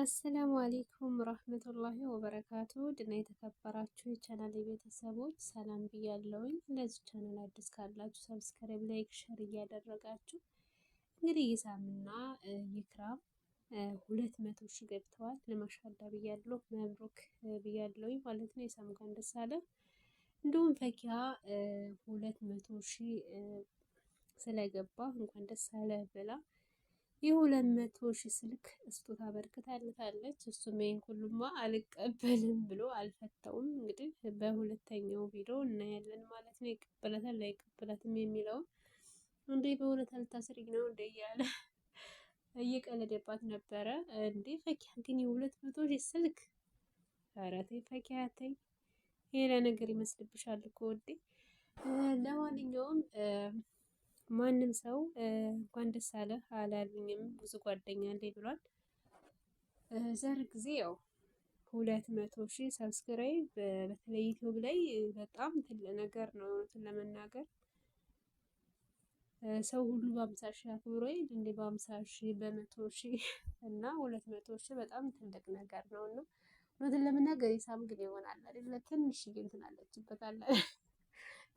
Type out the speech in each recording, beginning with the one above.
አሰላሙ አሌይኩም ረህመቱላሂ ወበረካቱ ድና የተከበራችሁ የቻናል ቤተሰቦች ሰላም ብያለውኝ። ለዚህ ቻናል አዲስ ካላችሁ ሰብስክራይብ፣ ላይክ፣ ሸር እያደረጋችሁ እንግዲህ ኢሳምና ኢክራም ሁለት መቶ ሺህ ገብተዋል። ለማሻዳ ብያለሁ፣ መብሩክ ብያለውኝ ማለት ነው። ኢሳም እንኳን ደስ አለ። እንዲሁም ፈኪያ ሁለት መቶ ሺህ ስለገባ እንኳን ደስ አለ ብላ የሁለት መቶ ሺህ ስልክ ስጦታ አበርክታለታለች። እሱም ይህን ሁሉማ አልቀበልም ብሎ አልፈተውም። እንግዲህ በሁለተኛው ቪዲዮ እናያለን ማለት ነው። ይቀበላታል ላይቀበላትም የሚለውን እንዴ በእውነት አልታስሪኝ ነው እንደ እያለ እየቀለደባት ነበረ። እንዴ ፈኪያ ግን የሁለት መቶ ሺህ ስልክ ኧረ ተይ ፈኪያ ተይ፣ ሌላ ነገር ይመስልብሻል እኮ እንዴ። ለማንኛውም ማንም ሰው እንኳን ደስ አለህ አላሉኝም። ብዙ ጓደኛ አለኝ ብሏል። ዘር ጊዜ ያው ሁለት መቶ ሺህ ሰብስክራይብ በተለይ ዩቲዩብ ላይ በጣም ትልቅ ነገር ነው። እውነቱን ለመናገር ሰው ሁሉ በአምሳ ሺህ አክብሮኝ እንደ በአምሳ ሺህ በመቶ ሺህ እና ሁለት መቶ ሺህ በጣም ትልቅ ነገር ነው እና እውነትን ለመናገር የሳም ግን ይሆናል አይደል ትንሽ ግን ትናለችበት አለ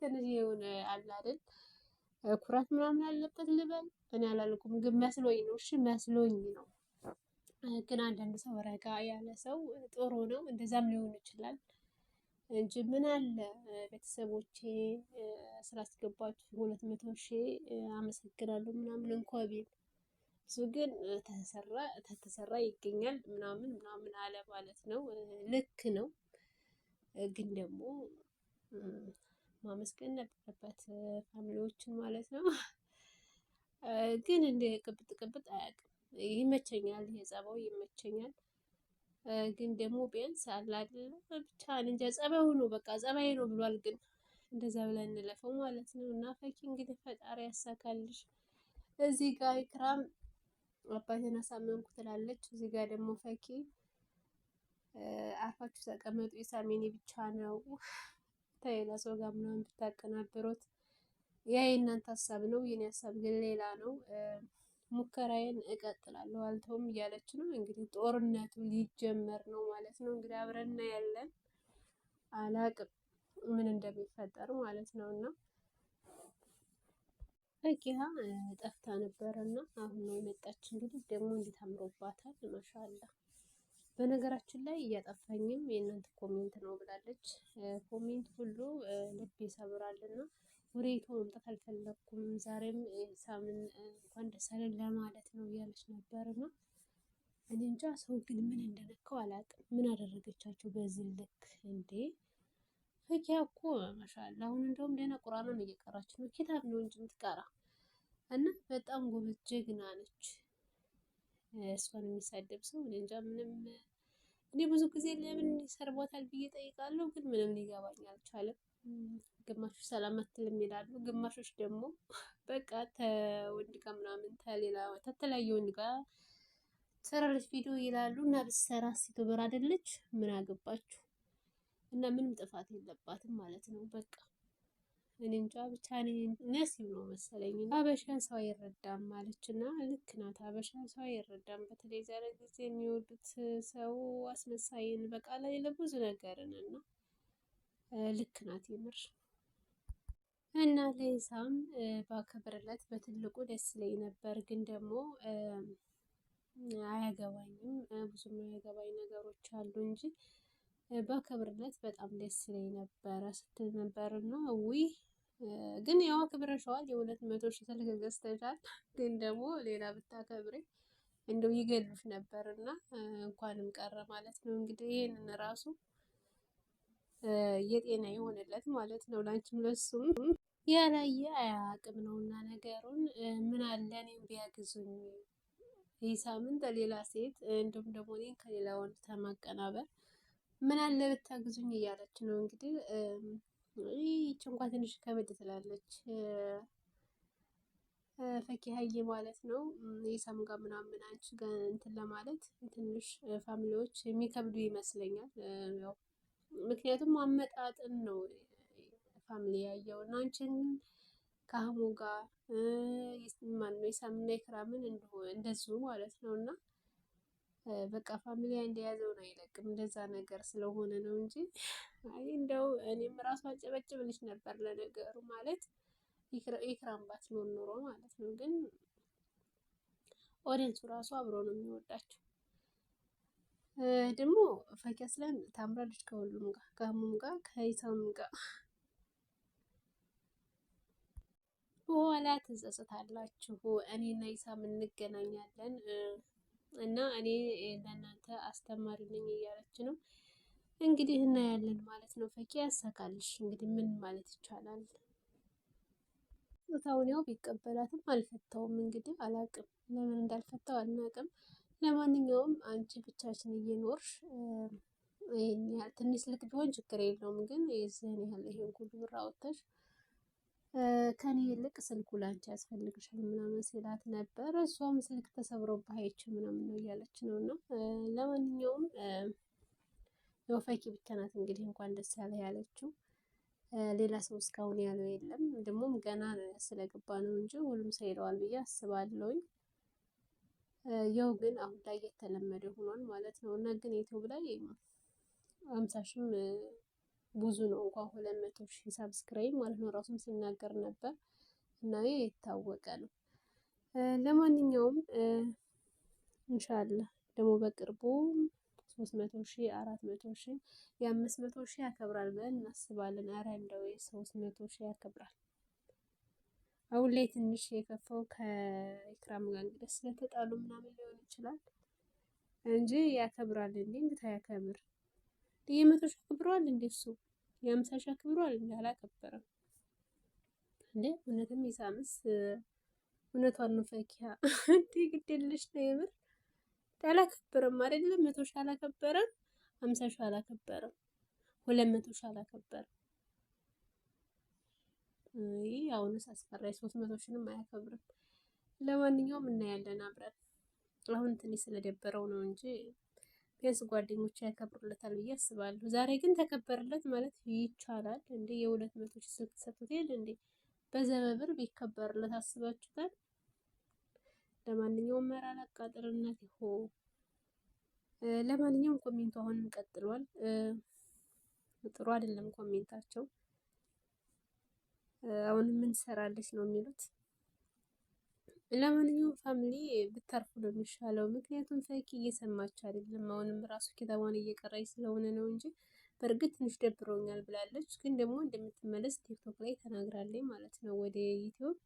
ትንሽ የሆነ አለ አይደል ኩራት ምናምን ያለበት ልበል እኔ አላልኩም፣ ግን መስሎኝ ነው። እሺ መስሎኝ ነው። ግን አንዳንድ ሰው ረጋ ያለ ሰው ጥሩ ነው። እንደዛም ሊሆን ይችላል እንጂ ምን አለ ቤተሰቦቼ ስላስገባችሁ ሁለት መቶ ሺህ አመሰግናለሁ ምናምን እንኳ ቢል እሱ ግን ተተሰራ ይገኛል ምናምን ምናምን አለ ማለት ነው። ልክ ነው ግን ደግሞ ማመስገን ነበረበት ፋሚሊዎችን ማለት ነው። ግን እንደ ቅብጥ ቅብጥ አያውቅም። ይመቸኛል፣ የጸባው ይመቸኛል። ግን ደግሞ ቢያንስ አለ ብቻ እንጃ ጸባዩ ነው በቃ ጸባይ ነው ብሏል። ግን እንደዛ ብለን እንለፈው ማለት ነው። እና ፈኪ እንግዲህ ፈጣሪ ያሳካልሽ። እዚህ ጋር ኢክራም አባቴን አሳመንኩ ትላለች። እዚህ ጋር ደግሞ ፈኪ አርፋችሁ ተቀመጡ የሳሚኒ ብቻ ነው። ተሌላ ሰው ጋር ምናምን ብታቀናብሩት ያ የእናንተ ሀሳብ ነው። የኔ ሀሳብ ግን ሌላ ነው። ሙከራዬን እቀጥላለሁ አልተውም እያለች ነው። እንግዲህ ጦርነቱ ሊጀመር ነው ማለት ነው። እንግዲህ አብረን እናያለን። አላቅም ምን እንደሚፈጠር ማለት ነው። እና ፈኪሀ ጠፍታ ነበረ እና አሁን ነው የመጣች። እንግዲህ ደግሞ እንዴት አምሮባታል ማሻአላህ በነገራችን ላይ እያጠፋኝም የእናንተ ኮሜንት ነው ብላለች። ኮሜንት ሁሉ ልብ ይሰብራል ይሰብራልና ወሬቱ መምጣት አልፈለግኩም። ዛሬም ሳምን እንኳን ደስ አለን ለማለት ነው እያለች ነበርና እኔ እንጃ ሰው ግን ምን እንደነካው አላውቅም። ምን አደረገቻቸው በዚህ ልክ እንዴ? ፈኪያ እኮ ማሻአላ አሁን እንደውም ደህና ቁርአኑን እየቀራች ነው። ኪታብ ነው እንጂ የምትቀራ እና በጣም ጎበዝ ጀግና ነች። እሷን የሚሳደብ ሰው እኔ እንጃ ምንም እኔ ብዙ ጊዜ ለምን ይሰርቧታል ብዬ ጠይቃለሁ፣ ግን ምንም ሊገባኝ አልቻለም። ግማሾች ሰላም አትልም ይላሉ፣ ግማሾች ደግሞ በቃ ተወንድ ጋር ምናምን ተሌላ ተተለያየ ወንድ ጋር ሰራለች ቪዲዮ ይላሉ። እና ብትሰራ ዩቱበር አይደለች ምን አገባችሁ? እና ምንም ጥፋት የለባትም ማለት ነው በቃ እኔ እንጃ ብቻ ነሲብ ነው መሰለኝ አበሻ ሰው አይረዳም ማለች እና ልክ ናት። አበሻ ሰው አይረዳም። በተለይ ዛሬ ጊዜ የሚወዱት ሰው አስመሳይን በቃ ላይ ለብዙ ነገርን እና ልክ ናት የምር እና ለይሳም ባከብርለት በትልቁ ደስ ይለኝ ነበር፣ ግን ደግሞ አያገባኝም ብዙም አያገባኝ ነገሮች አሉ እንጂ ባከብርለት በጣም ደስ ይለኝ ነበረ ስትል ነበር እና ዊህ ግን ያው አክብረሽዋል። የሁለት መቶ ሺህ ስልክ ገዝተሻል። ግን ደግሞ ሌላ ብታከብሪ እንደው ይገሉሽ ነበር እና እንኳንም ቀረ ማለት ነው። እንግዲህ ይህንን ራሱ የጤና የሆነለት ማለት ነው። ላንቺም ለሱም ያላየ አያቅም ነው እና ነገሩን ምን አለ እኔም ቢያግዙኝ ይህ ሳምንት ሌላ ሴት እንዲሁም ደግሞ እኔን ከሌላ ወንድ ተማቀናበር ምን አለ ብታግዙኝ እያለች ነው እንግዲህ። ይች እንኳ ትንሽ ከበድ ትላለች ፈኪሀዬ ማለት ነው። የሳም ጋር ምናምን አንቺ ጋር እንትን ለማለት ትንሽ ፋሚሊዎች የሚከብዱ ይመስለኛል። ያው ምክንያቱም አመጣጥን ነው ፋሚሊ ያየው እና አንቺን ከአህሙ ጋር ማነው ነው የሳምና የክራምን እንደዚሁ ማለት ነው እና በቃ ፋሚሊያ እንደያዘው ነው አይለቅም። እንደዛ ነገር ስለሆነ ነው እንጂ አይ እንደው እኔም ራሱ አጨበጭብልሽ ነበር ለነገሩ ማለት ኢክራም ባትኖር ኑሮ ማለት ነው። ግን ኦዲንሱ ራሱ አብሮ ነው የሚወዳቸው። ደግሞ ፈኪያስለን ታምራለች ከሁሉም ጋር ከሙም ጋር ከይሳም ጋር በኋላ ትጸጸታላችሁ። እኔና ይሳም እንገናኛለን እና እኔ ለእናንተ አስተማሪ ነኝ እያለች ነው እንግዲህ እናያለን ማለት ነው። ፈኪ ያሳካልሽ እንግዲህ ምን ማለት ይቻላል። ቦታውን ያው ቢቀበላትም አልፈታውም። እንግዲህ አላቅም፣ ለምን እንዳልፈታው አናቅም። ለማንኛውም አንቺ ብቻችን እየኖርሽ ትንሽ ልክ ቢሆን ችግር የለውም ግን የዚህን ያህል ይሄን ሁሉ ብር አውጥተሽ ከኔ ይልቅ ስልኩ ላንቺ ያስፈልግሻል ምናምን ሲላት ነበር። እሷም ስልክ ተሰብሮብህ አይቼ ምናምን ነው እያለች ነው እና ለማንኛውም ያው ፈኪ ብቻ ናት እንግዲህ እንኳን ደስ ያለ ያለችው ሌላ ሰው እስካሁን ያለው የለም። ደግሞም ገና ስለገባ ነው እንጂ ሁሉም ሰው ይለዋል ብዬ አስባለሁኝ። ያው ግን አሁን ላይ የተለመደ ሆኗል ማለት ነው እና ግን ዩቲዩብ ላይ አምሳሽም ብዙ ነው እንኳን ሁለት መቶ ሺህ ሰብስክራይብ ማለት ነው ራሱን ሲናገር ነበር እና የታወቀ ነው። ለማንኛውም ኢንሻአላህ ደግሞ በቅርቡ ሶስት መቶ ሺህ አራት መቶ ሺህ የአምስት መቶ ሺህ ያከብራል ብለን እናስባለን። አረ እንደው የሶስት መቶ ሺህ ያከብራል። አሁን ላይ ትንሽ የከፋው ከኢክራም ጋር እንግዲህ ስለተጣሉ ምናምን ሊሆን ይችላል እንጂ ያከብራል እንዴ! እንዴት አያከብር? የመቶ ሺህ አክብረዋል እንዴ? እሱ የአምሳ ሺህ አክብረዋል እንዴ? አላከበረም እንዴ? እውነትም የሳምስ እውነቷን ነው። ፈኪያ እንዴ ግዴለሽ ነው የምር አላከበረም አይደለም። መቶ ሺህ አላከበረም፣ አምሳ ሺህ አላከበረም፣ ሁለት መቶ ሺህ አላከበረም። ይህ አሁንስ አስፈራኝ። ሶስት መቶ ሺህንም አያከብርም። ለማንኛውም እናያለን አብረን። አሁን ትንሽ ስለደበረው ነው እንጂ ቢያንስ ጓደኞች ያከብሩለታል ብዬ አስባለሁ። ዛሬ ግን ተከበርለት ማለት ይቻላል እንዴ? የሁለት መቶ ሺህ ስልክ ሰጥቶታል እንዴ? በዘበብር ቢከበርለት አስባችሁታል? ለማንኛውም መራራ አቃጥርነት ይሆ ለማንኛውም ኮሜንቱ አሁንም ቀጥሏል። ጥሩ አይደለም ኮሜንታቸው። አሁን ምን ሰራለች ነው የሚሉት። ለማንኛውም ፋሚሊ ብታርፉ ነው የሚሻለው። ምክንያቱም ፈኪ እየሰማች አይደለም። አሁንም ራሱ ከተማን እየቀረች ስለሆነ ነው እንጂ በእርግጥ ትንሽ ደብሮኛል ብላለች። ግን ደግሞ እንደምትመለስ ቲክቶክ ላይ ተናግራለች ማለት ነው። ወደ ዩቲዩብ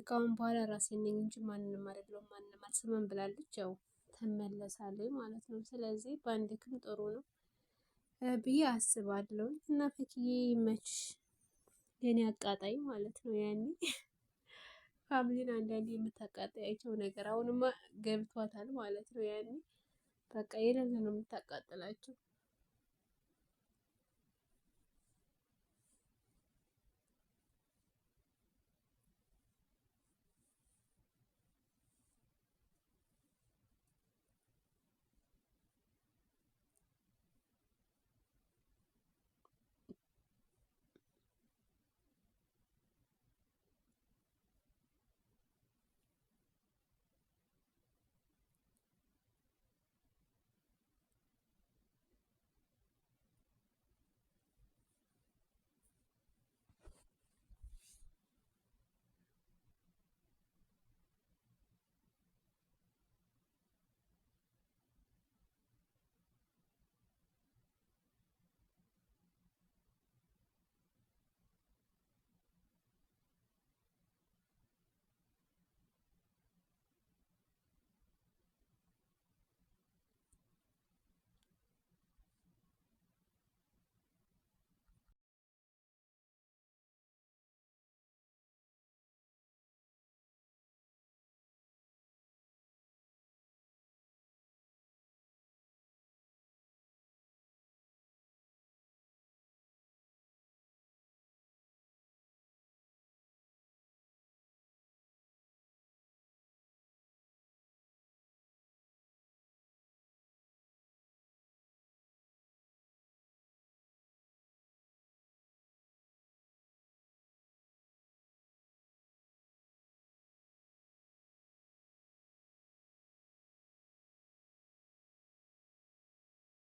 እቃውን በኋላ ራሴ ነኝ እንጂ ማንንም አይደለሁም ማንንም አልሰማም ብላለች። ያው ተመለሳለች ማለት ነው። ስለዚህ በአንድ ክም ጥሩ ነው ብዬ አስባለሁ እና ፈኪዬ ይመችሽ፣ የኔ አቃጣይ ማለት ነው ያኔ ፋሚሊን አንዳንዴ የምታቃጥያቸው ነገር አሁንማ ገብቷታል ማለት ነው። ያኔ በቃ የሌለ ነው የምታቃጥላቸው።